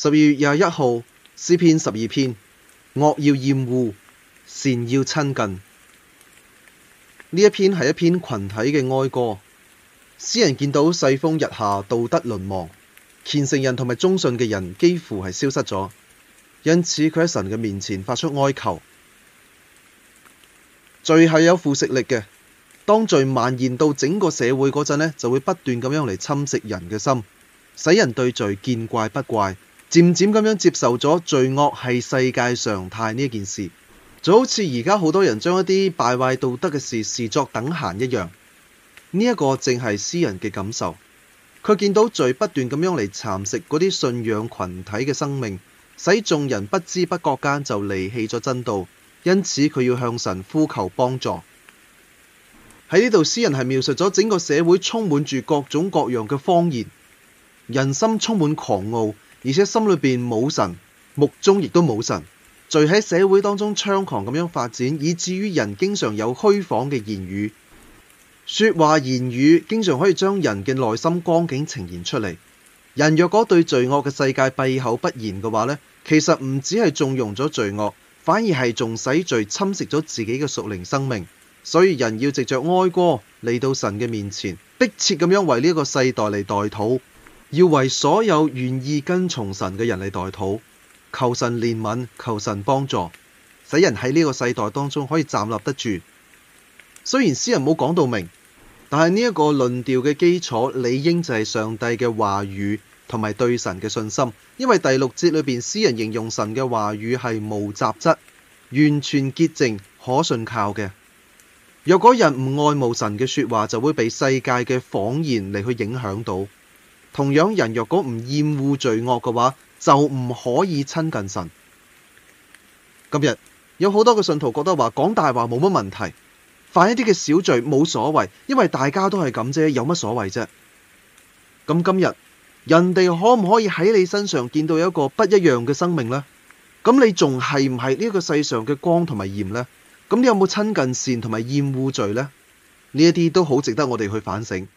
十二月廿一號，詩篇十二篇，惡要厭惡，善要親近。呢一篇係一篇群體嘅哀歌。詩人見到世風日下，道德淪亡，虔誠人同埋忠信嘅人幾乎係消失咗。因此佢喺神嘅面前發出哀求。罪係有腐蝕力嘅，當罪蔓延到整個社會嗰陣呢，就會不斷咁樣嚟侵蝕人嘅心，使人對罪見怪不怪。漸漸咁樣接受咗罪惡係世界常態呢一件事，就好似而家好多人將一啲敗壞道德嘅事視作等閒一樣。呢、這、一個正係詩人嘅感受。佢見到罪不斷咁樣嚟蠶食嗰啲信仰群體嘅生命，使眾人不知不覺間就離棄咗真道，因此佢要向神呼求幫助。喺呢度，詩人係描述咗整個社會充滿住各種各樣嘅謊言，人心充滿狂傲。而且心裏邊冇神，目中亦都冇神，罪喺社會當中猖狂咁樣發展，以至於人經常有虛謊嘅言語。說話言語經常可以將人嘅內心光景呈現出嚟。人若果對罪惡嘅世界閉口不言嘅話呢，其實唔止係縱容咗罪惡，反而係仲使罪侵蝕咗自己嘅屬靈生命。所以人要藉着哀歌嚟到神嘅面前，迫切咁樣為呢個世代嚟代禱。要為所有願意跟從神嘅人嚟代禱，求神憐憫，求神幫助，使人喺呢個世代當中可以站立得住。雖然詩人冇講到明，但係呢一個論調嘅基礎理應就係上帝嘅話語同埋對神嘅信心。因為第六節裏邊，詩人形容神嘅話語係無雜質、完全潔淨、可信靠嘅。若果人唔愛慕神嘅說話，就會被世界嘅謊言嚟去影響到。同樣，人若果唔厭惡罪惡嘅話，就唔可以親近神。今日有好多嘅信徒覺得話講大話冇乜問題，犯一啲嘅小罪冇所謂，因為大家都係咁啫，有乜所謂啫？咁今日人哋可唔可以喺你身上見到有一個不一樣嘅生命呢？咁你仲係唔係呢一個世上嘅光同埋鹽呢？咁你有冇親近善同埋厭惡罪呢？呢一啲都好值得我哋去反省。